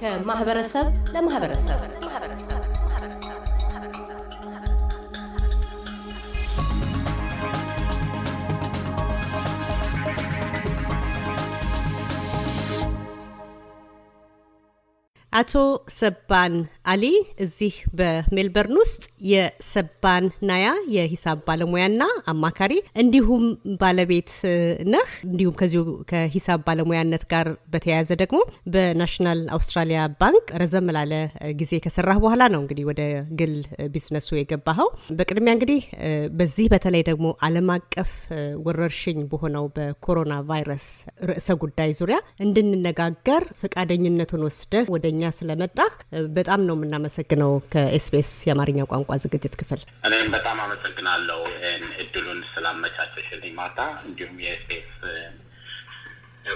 ከማህበረሰብ ለማህበረሰብ አቶ ሰባን አሊ እዚህ በሜልበርን ውስጥ የሰባን ናያ የሂሳብ ባለሙያና አማካሪ እንዲሁም ባለቤት ነህ። እንዲሁም ከዚሁ ከሂሳብ ባለሙያነት ጋር በተያያዘ ደግሞ በናሽናል አውስትራሊያ ባንክ ረዘም ላለ ጊዜ ከሰራህ በኋላ ነው እንግዲህ ወደ ግል ቢዝነሱ የገባኸው። በቅድሚያ እንግዲህ በዚህ በተለይ ደግሞ ዓለም አቀፍ ወረርሽኝ በሆነው በኮሮና ቫይረስ ርዕሰ ጉዳይ ዙሪያ እንድንነጋገር ፈቃደኝነቱን ወስደህ ወደኛ ስለመጣህ በጣም ነው ነው የምናመሰግነው ከኤስቢኤስ የአማርኛ ቋንቋ ዝግጅት ክፍል። እኔም በጣም አመሰግናለሁ ይህን እድሉን ስላመቻቸሽልኝ ማታ፣ እንዲሁም የኤስቢኤስ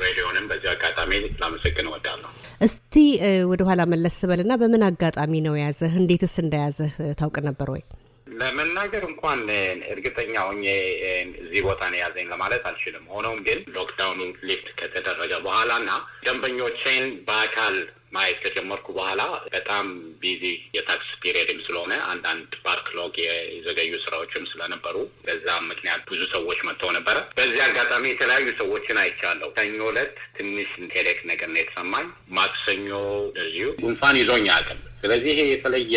ሬዲዮንም በዚህ አጋጣሚ ላመሰግን እወዳለሁ። እስቲ ወደኋላ መለስ ስበልና በምን አጋጣሚ ነው የያዘህ? እንዴትስ እንደያዘህ ታውቅ ነበር ወይ? ለመናገር እንኳን እርግጠኛ ሆኜ እዚህ ቦታ ነው የያዘኝ ለማለት አልችልም። ሆኖም ግን ሎክዳውኑ ሊፍት ከተደረገ በኋላ እና ደንበኞቼን በአካል ማየት ከጀመርኩ በኋላ በጣም ቢዚ የታክስ ፒሪየድም ስለሆነ አንዳንድ ባክሎግ የዘገዩ ስራዎችም ስለነበሩ በዛ ምክንያት ብዙ ሰዎች መጥተው ነበረ። በዚህ አጋጣሚ የተለያዩ ሰዎችን አይቻለሁ። ሰኞ ዕለት ትንሽ ሄዴክ ነገር ነው የተሰማኝ። ማክሰኞ እዚሁ ጉንፋን ይዞኝ አቅም ስለዚህ የተለየ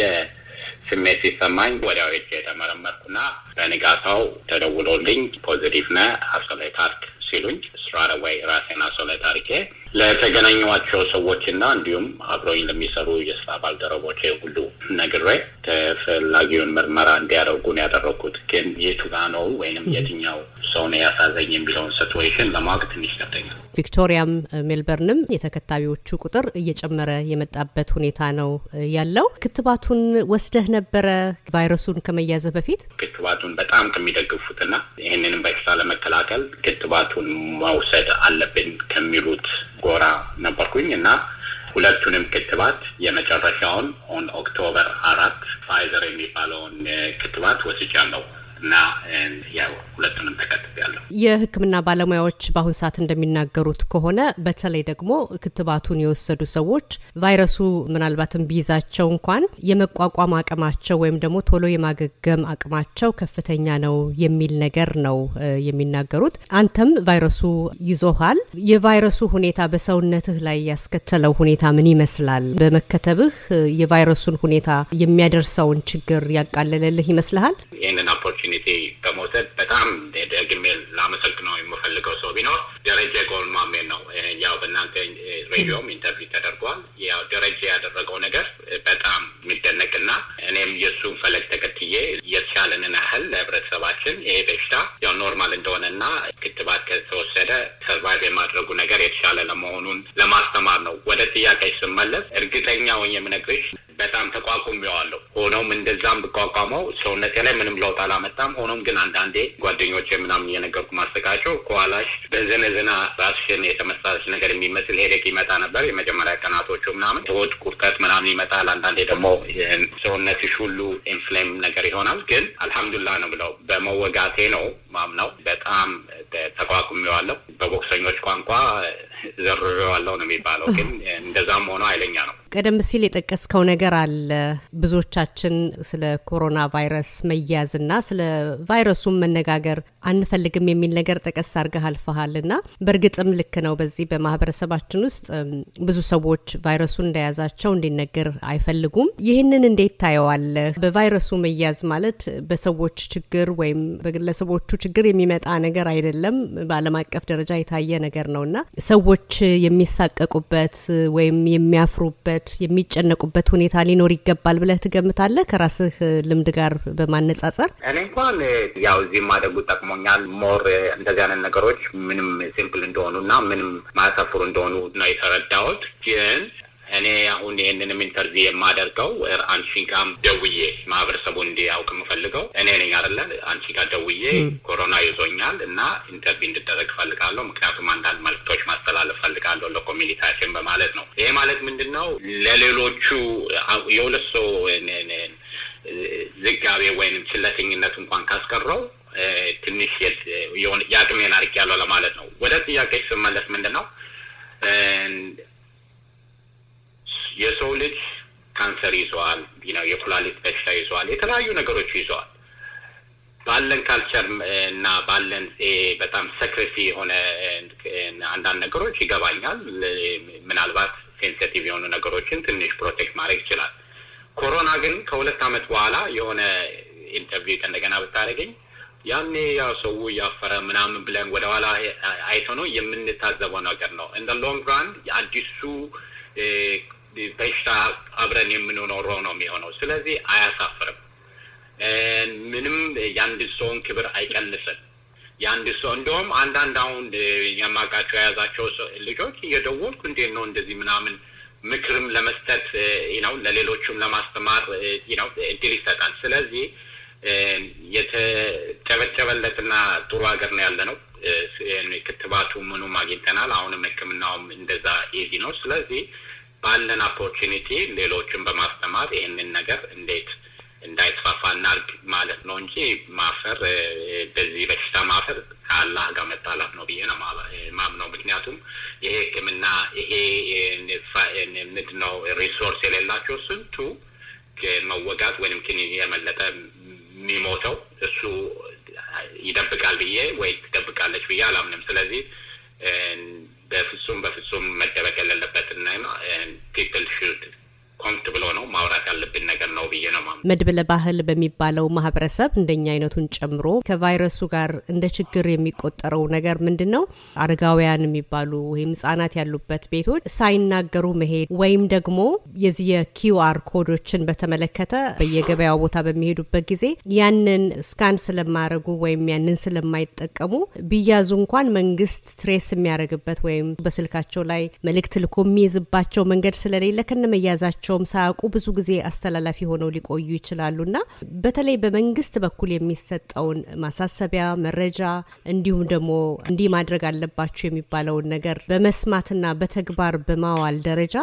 ስሜት ሲሰማኝ ወዲያው ሄጄ የተመረመርኩና በንጋታው ተደውሎልኝ ፖዚቲቭ ነህ አሶላይ ታርክ ሲሉኝ ስትራይት አዌይ ራሴን አሶላይ ታርኬ ለተገናኟቸው ሰዎችና እንዲሁም አብረኝ ለሚሰሩ የስራ ባልደረቦች ሁሉ ነግሬ ተፈላጊውን ምርመራ እንዲያደርጉን ያደረግኩት ግን የቱጋ ነው ወይንም የትኛው ሰውን ያሳዘኝ የሚለውን ሲትዌሽን ለማወቅ ትንሽ ይከብደኛል። ቪክቶሪያም ሜልበርንም የተከታቢዎቹ ቁጥር እየጨመረ የመጣበት ሁኔታ ነው ያለው። ክትባቱን ወስደህ ነበረ ቫይረሱን ከመያዘ በፊት? ክትባቱን በጣም ከሚደግፉትና ይህንንም በሽታ ለመከላከል ክትባቱን መውሰድ አለብን ከሚሉት ጎራ ነበርኩኝ እና ሁለቱንም ክትባት የመጨረሻውን ኦን ኦክቶበር አራት ፋይዘር የሚባለውን ክትባት ወስጃለሁ። እና ያው ሁለቱንም ተከትያለሁ። የሕክምና ባለሙያዎች በአሁን ሰዓት እንደሚናገሩት ከሆነ በተለይ ደግሞ ክትባቱን የወሰዱ ሰዎች ቫይረሱ ምናልባትም ቢይዛቸው እንኳን የመቋቋም አቅማቸው ወይም ደግሞ ቶሎ የማገገም አቅማቸው ከፍተኛ ነው የሚል ነገር ነው የሚናገሩት። አንተም ቫይረሱ ይዞሃል። የቫይረሱ ሁኔታ በሰውነትህ ላይ ያስከተለው ሁኔታ ምን ይመስላል? በመከተብህ የቫይረሱን ሁኔታ የሚያደርሰውን ችግር ያቃለለልህ ይመስልሃል? ይህንን ኦፖርቹኒቲ በመውሰድ በጣም ደግሜ ላመሰግነው የምፈልገው ሰው ቢኖር ደረጀ ጎልማሜን ነው። ያው በእናንተ ሬዲዮም ኢንተርቪው ተደርጓል። ያው ደረጀ ያደረገው ነገር በጣም የሚደነቅና እኔም የእሱን ፈለግ ተከትዬ የተቻለንን ያህል ለህብረተሰባችን ይሄ በሽታ ያው ኖርማል እንደሆነና ክትባት ከተወሰደ ሰርቫይቭ የማድረጉ ነገር የተሻለ ለመሆኑን ለማስተማር ነው። ወደ ጥያቄ ስመለስ እርግጠኛ ሆኜ የምነግርሽ በጣም ተቋቁም ይዋለሁ። ሆኖም እንደዛም ብቋቋመው ሰውነቴ ላይ ምንም ለውጥ አላመጣም። ሆኖም ግን አንዳንዴ ጓደኞቼ ምናምን እየነገርኩ ማሰቃቸው ከኋላሽ በዝንዝና ራስሽን የተመሳለች ነገር የሚመስል ሄደክ ይመጣ ነበር። የመጀመሪያ ቀናቶቹ ምናምን ሆድ ቁርጠት ምናምን ይመጣል። አንዳንዴ ደግሞ ሰውነትሽ ሁሉ ኢንፍሌም ነገር ይሆናል። ግን አልሐምዱላ ነው ብለው በመወጋቴ ነው ማምነው። በጣም ተቋቁሜዋለሁ። በቦክሰኞች ቋንቋ ዘርሬዋለሁ ነው የሚባለው። ግን እንደዛም ሆኖ ኃይለኛ ነው። ቀደም ሲል የጠቀስከው ነገር አለ። ብዙዎቻችን ስለ ኮሮና ቫይረስ መያዝና ስለ ቫይረሱን መነጋገር አንፈልግም የሚል ነገር ጠቀስ አድርገህ አልፈሃል እና በእርግጥም ልክ ነው። በዚህ በማህበረሰባችን ውስጥ ብዙ ሰዎች ቫይረሱን እንደያዛቸው እንዲነገር አይፈልጉም። ይህንን እንዴት ታየዋለህ? በቫይረሱ መያዝ ማለት በሰዎች ችግር ወይም በግለሰቦቹ ችግር የሚመጣ ነገር አይደለም። በዓለም አቀፍ ደረጃ የታየ ነገር ነው እና ሰዎች የሚሳቀቁበት ወይም የሚያፍሩበት የሚያስቡበት የሚጨነቁበት ሁኔታ ሊኖር ይገባል ብለህ ትገምታለህ? ከራስህ ልምድ ጋር በማነጻጸር እኔ እንኳን ያው እዚህ ማደጉ ጠቅሞኛል። ሞር እንደዚህ አይነት ነገሮች ምንም ሲምፕል እንደሆኑ እና ምንም ማያሳፍሩ እንደሆኑ ነው የተረዳሁት ግን እኔ አሁን ይህንንም ኢንተርቪው የማደርገው አንቺን ደውዬ ማህበረሰቡን እንዲያውቅ የምፈልገው እኔ ነኝ አይደለ? አንቺ ደውዬ ኮሮና ይዞኛል እና ኢንተርቪው እንድደረግ ፈልጋለሁ፣ ምክንያቱም አንዳንድ መልክቶች ማስተላለፍ ፈልጋለሁ ለኮሚኒቲያችን በማለት ነው። ይሄ ማለት ምንድን ነው? ለሌሎቹ የሁለት ሰው ዝጋቤ ወይንም ችለተኝነት እንኳን ካስቀረው ትንሽ የአቅሜን አርቅ ያለው ለማለት ነው። ወደ ጥያቄ ስመለስ ምንድን ነው የሰው ልጅ ካንሰር ይዘዋል፣ ነው የኩላሊት በሽታ ይዘዋል፣ የተለያዩ ነገሮች ይዘዋል። ባለን ካልቸር እና ባለን በጣም ሰክሬሲ የሆነ አንዳንድ ነገሮች ይገባኛል። ምናልባት ሴንሲቲቭ የሆኑ ነገሮችን ትንሽ ፕሮቴክት ማድረግ ይችላል። ኮሮና ግን ከሁለት ዓመት በኋላ የሆነ ኢንተርቪው ከእንደገና ብታደርገኝ ያኔ ያው ሰው እያፈረ ምናምን ብለን ወደኋላ አይተነው የምንታዘበው ነገር ነው። እንደ ሎንግ ራን አዲሱ። በሽታ አብረን የምንኖረው ነው የሚሆነው። ስለዚህ አያሳፍርም። ምንም የአንድ ሰውን ክብር አይቀንስም። የአንድ ሰው እንደውም አንዳንድ አሁን የማውቃቸው የያዛቸው ልጆች እየደወልኩ እንዴት ነው እንደዚህ ምናምን ምክርም ለመስጠት ነው ለሌሎቹም ለማስተማር ነው እድል ይሰጣል። ስለዚህ የተጨበጨበለትና ጥሩ ሀገር ነው ያለ ነው። ክትባቱ ምኑም አግኝተናል። አሁንም ሕክምናውም እንደዛ ኢዚ ነው። ስለዚህ ባለን አፖርቹኒቲ ሌሎችን በማስተማር ይህንን ነገር እንዴት እንዳይስፋፋ እናርግ ማለት ነው እንጂ ማፈር በዚህ በሽታ ማፈር ከአላህ ጋር መጣላት ነው ብዬ ነው ማምነው። ምክንያቱም ይሄ ሕክምና ይሄ ምንድን ነው ሪሶርስ የሌላቸው ስንቱ መወጋት ወይም ክኒን የመለጠ የሚሞተው እሱ ይደብቃል ብዬ ወይ ትደብቃለች ብዬ አላምንም። ስለዚህ በፍጹም በፍጹም ያለብን ነገር ነው። ብዬ ነው ማለት። መድብለ ባህል በሚባለው ማህበረሰብ እንደኛ አይነቱን ጨምሮ ከቫይረሱ ጋር እንደ ችግር የሚቆጠረው ነገር ምንድን ነው? አረጋውያን የሚባሉ ወይም ህጻናት ያሉበት ቤቶች ሳይናገሩ መሄድ ወይም ደግሞ የዚህ የኪውአር ኮዶችን በተመለከተ በየገበያው ቦታ በሚሄዱበት ጊዜ ያንን ስካን ስለማያደርጉ ወይም ያንን ስለማይጠቀሙ ቢያዙ እንኳን መንግስት ትሬስ የሚያደርግበት ወይም በስልካቸው ላይ መልእክት ልኮ የሚይዝባቸው መንገድ ስለሌለ ከነመያዛቸውም ሳያውቁ ብዙ ጊዜ አስተላላፊ ሆነው ተይዘው ሊቆዩ ና በተለይ በመንግስት በኩል የሚሰጠውን ማሳሰቢያ መረጃ እንዲሁም ደግሞ እንዲህ ማድረግ አለባቸው የሚባለውን ነገር በመስማትና በተግባር በማዋል ደረጃ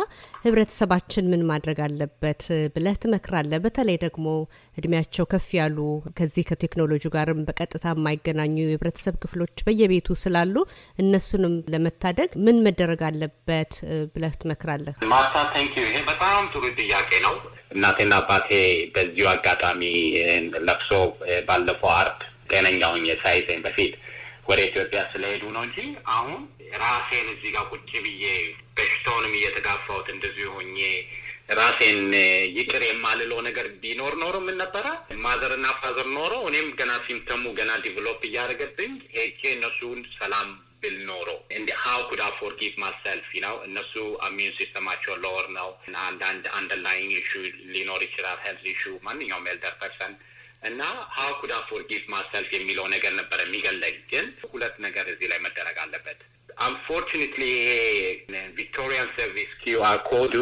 ህብረተሰባችን ምን ማድረግ አለበት ብለህ ትመክራለ በተለይ ደግሞ እድሜያቸው ከፍ ያሉ ከዚህ ከቴክኖሎጂ ጋርም በቀጥታ የማይገናኙ የህብረተሰብ ክፍሎች በየቤቱ ስላሉ እነሱንም ለመታደግ ምን መደረግ አለበት ብለህ ትመክራለህ? ማሳ ቴንኪው። ይሄ በጣም ጥሩ ጥያቄ ነው። እናቴና አባቴ በዚሁ አጋጣሚ ለቅሶ ባለፈው አርብ ጤነኛውን የሳይዘኝ በፊት ወደ ኢትዮጵያ ስለሄዱ ነው እንጂ አሁን ራሴን እዚህ ጋር ቁጭ ብዬ በሽታውንም እየተጋፋሁት እንደዚሁ ሆኜ ራሴን ይቅር የማልለው ነገር ቢኖር ኖሮ ምን ነበረ ማዘርና ፋዘር ኖሮ እኔም ገና ሲምተሙ ገና ዲቨሎፕ እያደረገብኝ ሄጄ እነሱን ሰላም ብል ኖሮ ሀው ኩድ አይ ፎርጊቭ ማሰልፍ ነው። እነሱ አሚዩን ሲስተማቸው ሎወር ነው አንዳንድ አንደርላይን ኢሹ ሊኖር ይችላል። ሄልዝ ኢሹ ማንኛውም ኤልደር ፐርሰን እና ሀው ኩድ አይ ፎርጊቭ ማሰልፍ የሚለው ነገር ነበር የሚገለኝ። ግን ሁለት ነገር እዚህ ላይ መደረግ አለበት። አንፎርቹኔትሊ ይሄ ቪክቶሪያን ሰርቪስ ኪዩአር ኮዱ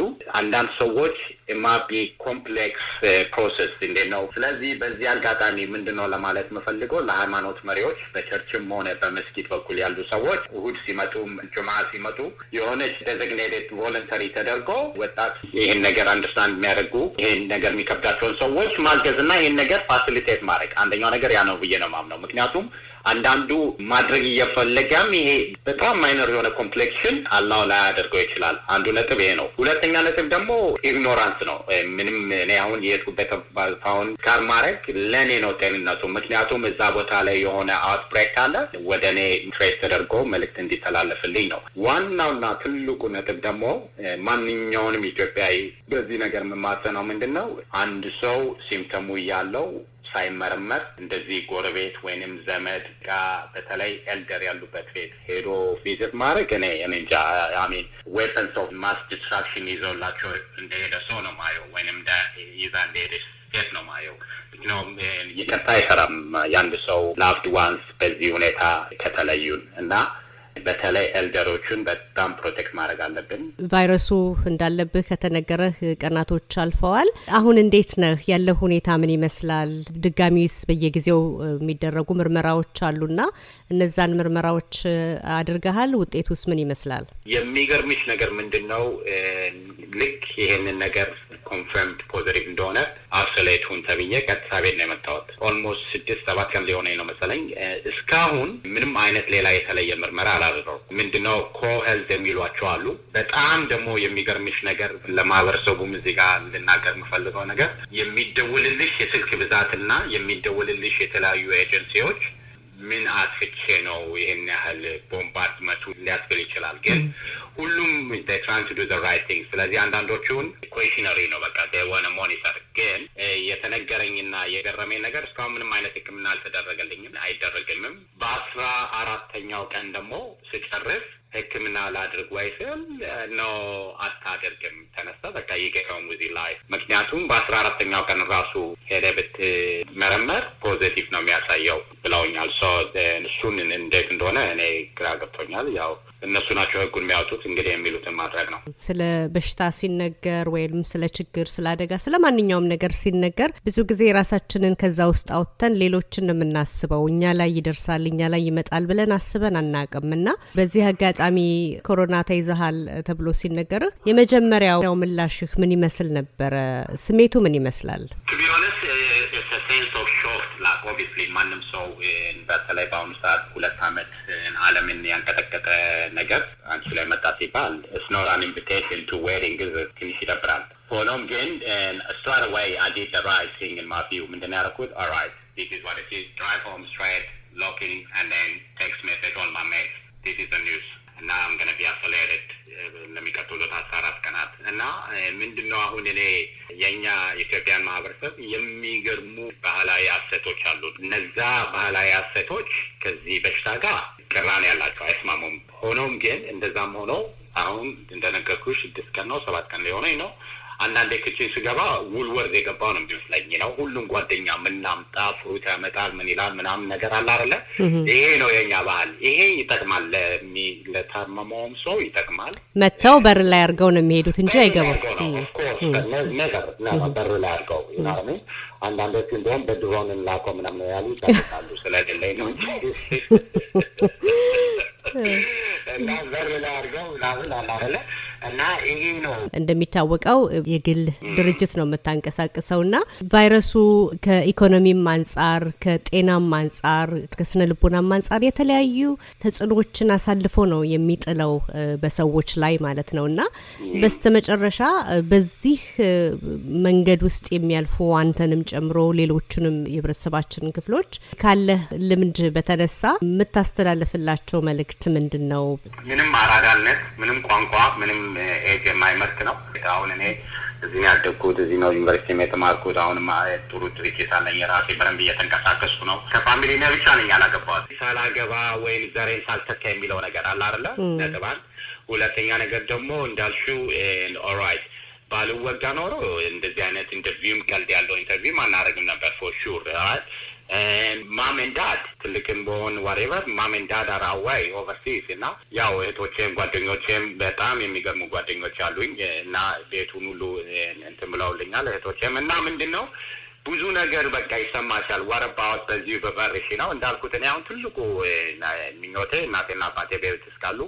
አንዳንድ ሰዎች የማቢ ኮምፕሌክስ ፕሮሰስ እንዴ ነው። ስለዚህ በዚህ አጋጣሚ ምንድን ነው ለማለት የምፈልገው ለሃይማኖት መሪዎች በቸርችም ሆነ በመስጊድ በኩል ያሉ ሰዎች እሁድ ሲመጡ፣ ጁማ ሲመጡ የሆነች ዴዚግኔትድ ቮለንተሪ ተደርጎ ወጣት ይህን ነገር አንደርስታንድ የሚያደርጉ ይህን ነገር የሚከብዳቸውን ሰዎች ማገዝ እና ይህን ነገር ፋሲሊቴት ማድረግ አንደኛው ነገር ያ ነው ብዬ ነው ማምነው ምክንያቱም አንዳንዱ ማድረግ እየፈለገም ይሄ በጣም ማይነር የሆነ ኮምፕሌክሽን አላው ላይ አደርገው ይችላል። አንዱ ነጥብ ይሄ ነው። ሁለተኛ ነጥብ ደግሞ ኢግኖራንስ ነው። ምንም እኔ አሁን የሄድኩበት ሳሁን ጋር ማድረግ ለእኔ ነው ጤንነቱ። ምክንያቱም እዛ ቦታ ላይ የሆነ አውትብሬክ አለ ወደ እኔ ትሬስ ተደርጎ መልእክት እንዲተላለፍልኝ ነው። ዋናውና ትልቁ ነጥብ ደግሞ ማንኛውንም ኢትዮጵያዊ በዚህ ነገር የምማጸነው ምንድን ነው አንድ ሰው ሲምተሙ እያለው ሳይመረመር እንደዚህ ጎረቤት ወይንም ዘመድ ጋ በተለይ ኤልደር ያሉበት ቤት ሄዶ ቪዝት ማድረግ እኔ እንጃ አሜን ዌፐንስ ኦፍ ማስ ዲስትራክሽን ይዘውላቸው እንደሄደ ሰው ነው ማየው ወይንም ይዛ እንደሄደ ሴት ነው ማየው ነው ይቅርታ አይሰራም። የአንድ ሰው ላፍድ ዋንስ በዚህ ሁኔታ ከተለዩን እና በተለይ ኤልደሮቹን በጣም ፕሮቴክት ማድረግ አለብን። ቫይረሱ እንዳለብህ ከተነገረህ ቀናቶች አልፈዋል። አሁን እንዴት ነህ? ያለው ሁኔታ ምን ይመስላል? ድጋሚስ በየጊዜው የሚደረጉ ምርመራዎች አሉና እነዛን ምርመራዎች አድርገሃል? ውጤቱስ ምን ይመስላል? የሚገርምሽ ነገር ምንድን ነው? ልክ ይሄንን ነገር ኮንፈርምድ ፖዘቲቭ እንደሆነ አሶሌቱን ተብዬ ቀጥታ ቤት ነው የመጣሁት። ኦልሞስት ስድስት ሰባት ቀን ሊሆነኝ ነው መሰለኝ። እስካሁን ምንም አይነት ሌላ የተለየ ምርመራ አላ ይባላል ነው ምንድነው ኮሄልት የሚሏቸው አሉ። በጣም ደግሞ የሚገርምሽ ነገር ለማህበረሰቡም እዚህ ጋር እንድናገር የምፈልገው ነገር የሚደውልልሽ የስልክ ብዛትና የሚደውልልሽ የተለያዩ ኤጀንሲዎች ምን አጥፍቼ ነው ይህን ያህል መቱ ሊያስብል ይችላል። ግን ሁሉም ዱ ራይት ቲንግ። ስለዚህ አንዳንዶቹን ኮሽነሪ ነው በቃ ሆነ ሞኒተር ግን የተነገረኝና የገረመኝ ነገር እስካሁን ምንም አይነት ህክምና አልተደረገልኝም፣ አይደረግምም። በአስራ አራተኛው ቀን ደግሞ ስጨርስ ህክምና ላድርግ ወይ ስል ነው አታደርግም ተነሳ በቃ የገራው ሙዚ ላይ ምክንያቱም በአስራ አራተኛው ቀን ራሱ ሄደ ብትመረመር ፖዘቲቭ ነው የሚያሳየው ብለውኛል። እሱን እንዴት እንደሆነ እኔ ግራ ገብቶኛል። ያው እነሱ ናቸው ህጉን የሚያወጡት እንግዲህ የሚሉትን ማድረግ ነው። ስለ በሽታ ሲነገር ወይም ስለ ችግር፣ ስለ አደጋ፣ ስለ ማንኛውም ነገር ሲነገር ብዙ ጊዜ ራሳችንን ከዛ ውስጥ አውጥተን ሌሎችን የምናስበው እኛ ላይ ይደርሳል እኛ ላይ ይመጣል ብለን አስበን አናቅም እና በዚህ አጋጣሚ ኮሮና ተይዘሃል ተብሎ ሲነገር የመጀመሪያው ምላሽህ ምን ይመስል ነበረ? ስሜቱ ምን ይመስላል? ሴንስ ኦፍ ሾክ ላክ ኦብቪስሊ ማንም ሰው በተለይ በአሁኑ ሰዓት ሁለት ዓመት ዓለምን ያንቀጠቀጠ ነገር አንቺ ላይ መጣ ሲባል ስኖር አን ኢንቪቴሽን ቱ ዌሪንግ ትንሽ ይደብራል። ሆኖም ግን ስትራይት አዌይ አይ ዲድ ዘ ራይት ቲንግ ኢን ማይ ቪው ምንድን ነው ያደረኩት? ኦልራይት ዲስ ኢዝ ዋት ኢት ኢዝ ድራይቭ ሆም ስትሬት ሎኪንግ ኤንድ ዜን ቴክስት ሜሴጅ ኦል ማይ ሜት ዲስ ኢዝ ዘ ኒውስ እና አም ገነ ቢ አክሰለሬትድ ለሚቀጥሉት አስራ አራት ቀናት እና ምንድን ነው አሁን እኔ የእኛ ኢትዮጵያን ማህበረሰብ የሚ ባህላዊ አሰቶች አሉ። እነዛ ባህላዊ አሰቶች ከዚህ በሽታ ጋር ቅራኔ ያላቸው አይስማሙም። ሆኖም ግን እንደዛም ሆኖ አሁን እንደነገርኩሽ ስድስት ቀን ነው ሰባት ቀን ሊሆነኝ ነው አንዳንዴ ክቼ ስገባ ውልወርድ የገባው ነው የሚመስለኝ ነው። ሁሉም ጓደኛ ምናምጣ ፍሩት ያመጣል ምን ይላል ምናምን ነገር አለ አለ ይሄ ነው የኛ ባህል። ይሄ ይጠቅማል፣ ለታመመውም ሰው ይጠቅማል። መጥተው በር ላይ አድርገው ነው የሚሄዱት እንጂ አይገቡም። ነገር በር ላይ አድርገው ይናርሚ አንዳንዶቹ እንደውም በድሮን እንላኮ ምናምን ያሉ ይጠቅሳሉ። ስለሌለኝ ነው እንጂ እና በር ላይ አድርገው ምናምን አለ እና ይሄ ነው እንደሚታወቀው የግል ድርጅት ነው የምታንቀሳቅሰው እና ቫይረሱ ከኢኮኖሚም አንጻር ከጤናም አንጻር ከስነ ልቦናም አንጻር የተለያዩ ተጽዕኖዎችን አሳልፎ ነው የሚጥለው በሰዎች ላይ ማለት ነው እና በስተመጨረሻ በዚህ መንገድ ውስጥ የሚያልፉ አንተንም ጨምሮ ሌሎቹንም የህብረተሰባችን ክፍሎች ካለ ልምድ በተነሳ የምታስተላልፍላቸው መልእክት ምንድን ነው? ምንም አራዳነት፣ ምንም ቋንቋ፣ ምንም ኤጅ የማይመርጥ ነው። አሁን እኔ እዚህ ነው ያደግኩት፣ እዚህ ነው ዩኒቨርሲቲ የተማርኩት። አሁን ጥሩ ድርጅት አለኝ የራሴ በደንብ እየተንቀሳቀስኩ ነው። ከፋሚሊ ነ ብቻ ነኝ ያላገባሁት ሳላገባ ወይም ዘሬን ሳልተካ የሚለው ነገር አለ አይደለ? ነጥብ አንድ። ሁለተኛ ነገር ደግሞ እንዳልሽው ኦራይት ባልወጋ ኖሮ እንደዚህ አይነት ኢንተርቪውም ቀልድ ያለው ኢንተርቪውም አናደርግም ነበር ፎር ሹር ማም ኤንድ ትልቅም በሆን ዋሬቨር ማም ኤንድ ዳድ ኦቨርሲስ እና ያው እህቶቼም ጓደኞቼም በጣም የሚገርሙ ጓደኞች አሉኝ እና ቤቱን ሁሉ እንትን ብለውልኛል እህቶቼም እና ምንድን ነው ብዙ ነገር በቃ ይሰማሻል። ወረባዎች በዚህ በበርሽ ነው እንዳልኩት እኔ አሁን ትልቁ ምኞቴ እናቴና አባቴ ቤት እስካሉ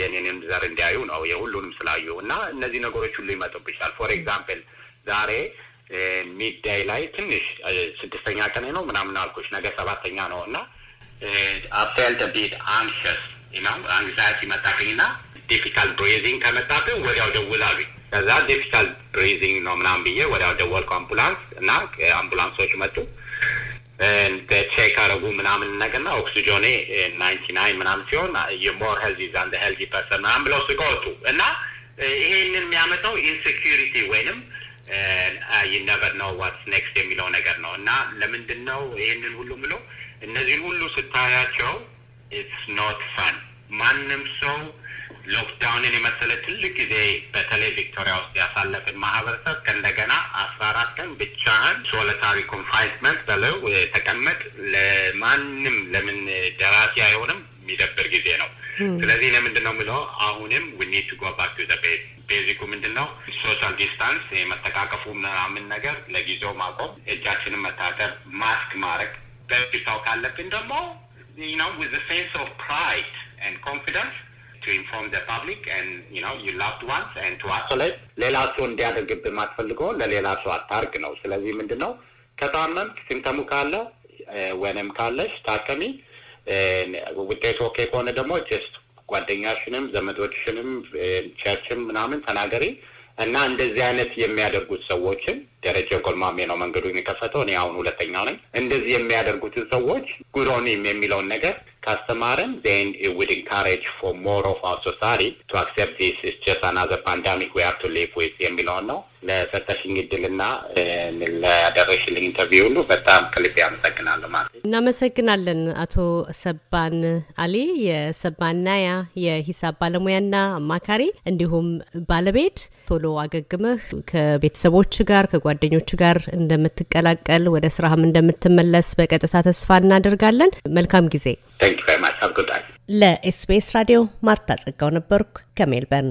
የኔንም ዘር እንዲያዩ ነው የሁሉንም ስላዩ እና እነዚህ ነገሮች ሁሉ ይመጡብሻል። ፎር ኤግዛምፕል ዛሬ ሚዳይ ላይ ትንሽ ስድስተኛ ቀን ነው ምናምን አልኮች ነገ ሰባተኛ ነው እና አፌልት ቤት አንሸስ ነው አንግዛያት ይመጣብኝ ና ዲፊካልት ብሬዚንግ ከመጣብኝ ወዲያው ደውላሉኝ። ከዛ ዲፊካልት ብሬዚንግ ነው ምናምን ብዬ ወዲያው ደወልኩ አምቡላንስ እና አምቡላንሶች መጡ። ቼክ አረጉ ምናምን ነገር ና ኦክሲጆኔ ናይንቲ ናይን ምናምን ሲሆን የሞር ሄልዚ ዛን ሄልዚ ፐርሰን ምናምን ብለው ስቆወጡ እና ይሄንን የሚያመጣው ኢንሴኪሪቲ ወይንም ይነበር ነው ዋትስ ኔክስት የሚለው ነገር ነው እና ለምንድን ነው ይህንን ሁሉ ምሎ እነዚህን ሁሉ ስታያቸው ኢትስ ኖት ፋን ማንም ሰው ሎክዳውንን የመሰለ ትልቅ ጊዜ በተለይ ቪክቶሪያ ውስጥ ያሳለፍን ማህበረሰብ ከእንደገና አስራ አራት ቀን ብቻህን ሶለታሪ ኮንፋይንመንት በለው ተቀመጥ ለማንም ለምን ደራሲ አይሆንም የሚደብር ጊዜ ነው። hmm. ስለዚህ ለምንድን ነው አሁንም ዊ ኒድ ቱ ጎ ባክ ቱ ዘ ቤት ቤዚኩ ምንድን ነው ሶሻል ዲስታንስ የመጠቃቀፉ ምናምን ነገር ለጊዜው ማቆም፣ እጃችንን መታጠብ፣ ማስክ ማድረግ በሽታው ካለብን ደግሞ ነው ዊዝ ሴንስ ኦፍ ፕራይድ ኤንድ ኮንፊደንስ ሌላ ሰው እንዲያደርግብ የማትፈልገው ለሌላ ሰው አታርግ ነው። ስለዚህ ምንድን ነው ከታመም ሲምተሙ ካለ ወይንም ካለሽ ታከሚ። ውጤቱ ኦኬ ከሆነ ደግሞ ጀስት ጓደኛሽንም ዘመዶችንም ቸርችም ምናምን ተናገሪ እና እንደዚህ አይነት የሚያደርጉት ሰዎችን ደረጀ ጎልማሜ ነው መንገዱ የሚከፈተው። እኔ አሁን ሁለተኛው ነኝ። እንደዚህ የሚያደርጉትን ሰዎች ጉዶኒም የሚለውን ነገር ካስተማርን ዜን ዊድ ኢንካሬጅ ፎር ሞር ኦፍ አር ሶሳይቲ ቱ አክሴፕት ስ ኢስ ጀስት አናዘር ፓንዳሚክ ዊ ሃቭ ቱ ሊቭ ዊዝ የሚለውን ነው። ለሰጠሽኝ እድልና ላደረሽልኝ ኢንተርቪው ሁሉ በጣም ከልቤ አመሰግናለሁ ማለት እናመሰግናለን። አቶ ሰባን አሊ የሰባናያ የሂሳብ ባለሙያና አማካሪ እንዲሁም ባለቤት ቶሎ አገግመህ ከቤተሰቦች ጋር ከጓደኞች ጋር እንደምትቀላቀል ወደ ስራህም እንደምትመለስ በቀጥታ ተስፋ እናደርጋለን። መልካም ጊዜ። ለኤስቢኤስ ራዲዮ ማርታ ጸጋው ነበርኩ ከሜልበርን።